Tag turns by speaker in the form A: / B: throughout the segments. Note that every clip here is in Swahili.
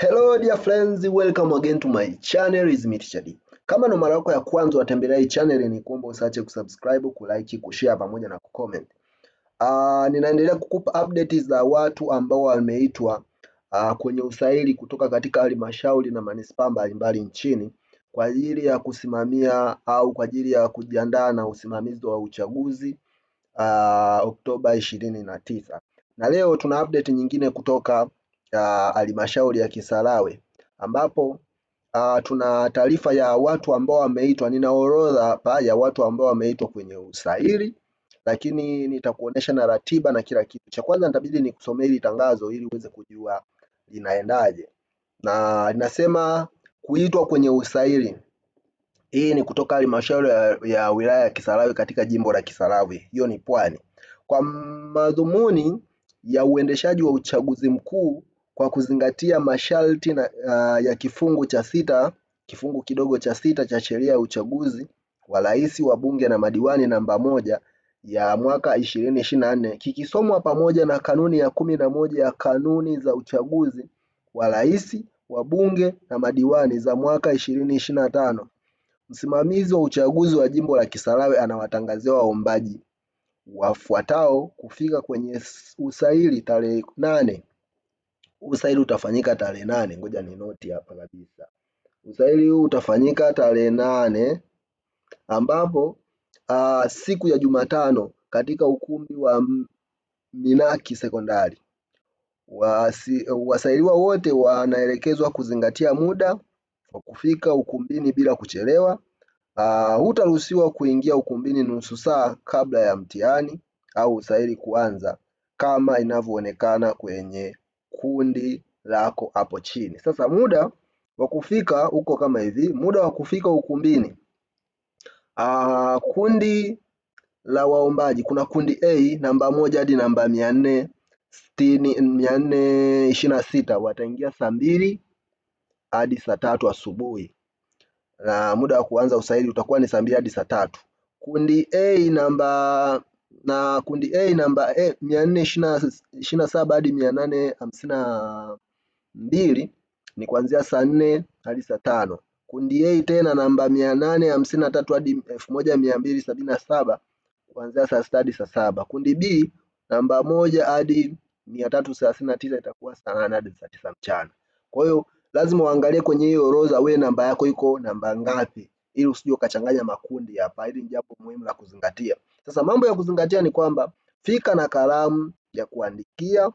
A: Hello dear friends, welcome again to my channel is me Teacher D. Kama ndo mara yako ya kwanza watembelea hii channel, ni kuomba usiache kusubscribe, kulike, kushare pamoja na kucomment. Ah, Uh, ninaendelea kukupa updates za watu ambao wameitwa uh, kwenye usaili kutoka katika halmashauri na manispaa mbalimbali nchini kwa ajili ya kusimamia au kwa ajili ya kujiandaa na usimamizi wa uchaguzi uh, Oktoba 29. na leo tuna update nyingine kutoka ya halmashauri ya Kisarawe ambapo uh, tuna taarifa ya watu ambao wameitwa. Nina orodha hapa ya watu ambao wameitwa kwenye usaili, lakini nitakuonesha na ratiba na kila kitu. Cha kwanza nitabidi nikusomee hili tangazo ili uweze kujua linaendaje, na linasema kuitwa kwenye usaili. Hii ni kutoka halmashauri ya, ya wilaya ya Kisarawe katika jimbo la Kisarawe, hiyo ni Pwani, kwa madhumuni ya uendeshaji wa uchaguzi mkuu kwa kuzingatia masharti na, uh, ya kifungu cha sita kifungu kidogo cha sita cha sheria ya uchaguzi wa rais wa bunge na madiwani namba moja ya mwaka ishirini kikisomwa pamoja na kanuni ya kumi na moja ya kanuni za uchaguzi wa rais wa bunge na madiwani za mwaka ishirini msimamizi wa uchaguzi wa jimbo la Kisarawe anawatangazia waombaji wafuatao kufika kwenye usaili tarehe nane usaili utafanyika tarehe nane. Ngoja ni noti hapa kabisa. Usaili huu utafanyika tarehe nane ambapo aa, siku ya Jumatano katika ukumbi wa Minaki Sekondari. Wasi, wasailiwa wote wanaelekezwa kuzingatia muda wa kufika ukumbini bila kuchelewa. Uh, hutaruhusiwa kuingia ukumbini nusu saa kabla ya mtihani au usaili kuanza kama inavyoonekana kwenye kundi lako hapo chini. Sasa muda wa kufika huko kama hivi, muda wa kufika ukumbini. Aa, ah, kundi la waombaji kuna kundi A namba moja hadi namba mia nne sitini mia nne ishirini na sita wataingia saa mbili hadi saa tatu asubuhi na muda wa kuanza usaili utakuwa ni saa mbili hadi saa tatu. Kundi A namba na kundi A namba mia nne ishirini na saba hadi mia nane hamsini na mbili ni kuanzia saa nne hadi saa tano. Kundi A tena namba mia nane hamsini na tatu hadi elfu moja mia mbili sabini na saba kuanzia saa sita hadi saa saba. Kundi B namba moja hadi mia tatu thelathini na tisa itakuwa saa nane hadi saa tisa mchana. Kwa hiyo lazima uangalie kwenye hiyo orodha, wewe namba yako iko namba ngapi, ili usije ukachanganya makundi hapa. Hili ni jambo muhimu la kuzingatia. Sasa mambo ya kuzingatia ni kwamba fika na kalamu ya kuandikia,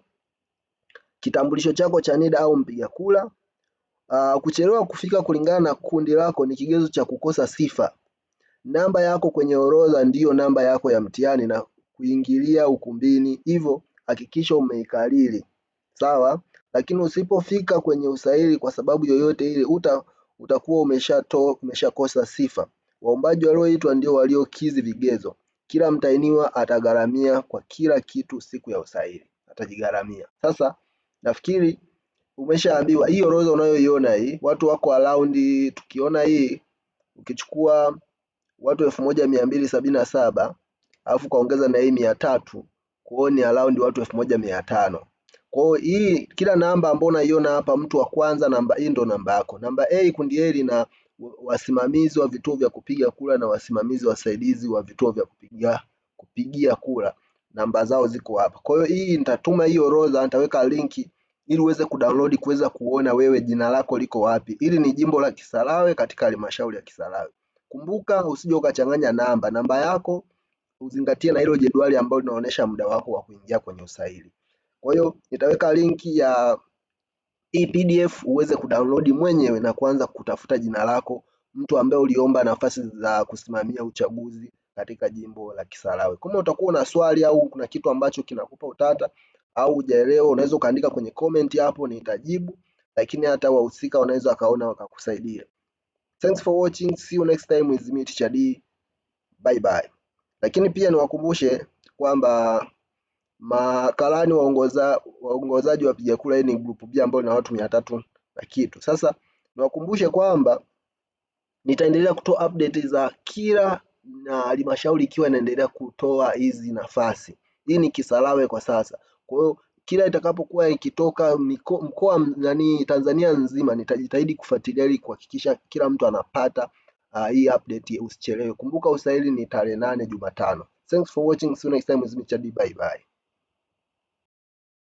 A: kitambulisho chako cha NIDA au mpiga kura. Uh, kuchelewa kufika kulingana na kundi lako ni kigezo cha kukosa sifa. Namba yako kwenye orodha ndiyo namba yako ya mtihani na kuingilia ukumbini, hivyo hakikisha umeikariri sawa. Lakini usipofika kwenye usaili kwa sababu yoyote ile uta, utakuwa umeshato umeshakosa sifa. Waombaji walioitwa ndio waliokizi vigezo. Kila mtahiniwa atagharamia kwa kila kitu siku ya usaili, atajigharamia. Sasa nafikiri umeshaambiwa hii orodha unayoiona hii, watu wako around, tukiona hii ukichukua watu elfu moja mia mbili sabini na saba alafu kaongeza na hii mia tatu kuoni around watu elfu moja mia tano kwao hii kila namba ambayo unaiona hapa mtu wa kwanza namba hii ndo namba yako namba a kundi a lina wasimamizi wa vituo vya kupiga kura na wasimamizi wasaidizi wa vituo vya kupiga, kupigia kura namba zao ziko hapa. Kwa hiyo hii nitatuma hii orodha, nitaweka linki ili uweze kudownload kuweza kuona wewe jina lako liko wapi. Hili ni jimbo la Kisarawe katika halmashauri ya Kisarawe. Kumbuka usije ukachanganya namba, namba yako uzingatie na hilo jedwali ambalo linaonyesha muda wako wa kuingia kwenye usaili. Kwa hiyo nitaweka linki ya hii PDF uweze kudownload mwenyewe na kuanza kutafuta jina lako, mtu ambaye uliomba nafasi za kusimamia uchaguzi katika jimbo la Kisarawe. Kama utakuwa na swali au kuna kitu ambacho kinakupa utata au hujaelewa, unaweza ukaandika kwenye comment hapo, nitajibu. Lakini hata wahusika wanaweza wakaona wakakusaidia. Thanks for watching. See you next time with me Teacher D. Bye bye. Lakini pia niwakumbushe kwamba makarani waongoza, waongozaji wa wapiga kura. Hii ni group B ambayo ina watu mia tatu na kitu. Sasa niwakumbushe kwamba nitaendelea kutoa update za kila na halmashauri ikiwa inaendelea kutoa hizi nafasi. Hii ni Kisarawe kwa sasa, kwa hiyo kila itakapokuwa ikitoka mkoa nani Tanzania nzima, nitajitahidi kufuatilia ili kuhakikisha kila mtu anapata uh, hii update. Usichelewe, kumbuka usaili ni tarehe nane Jumatano. Thanks for watching, see you next time Chadi, bye bye.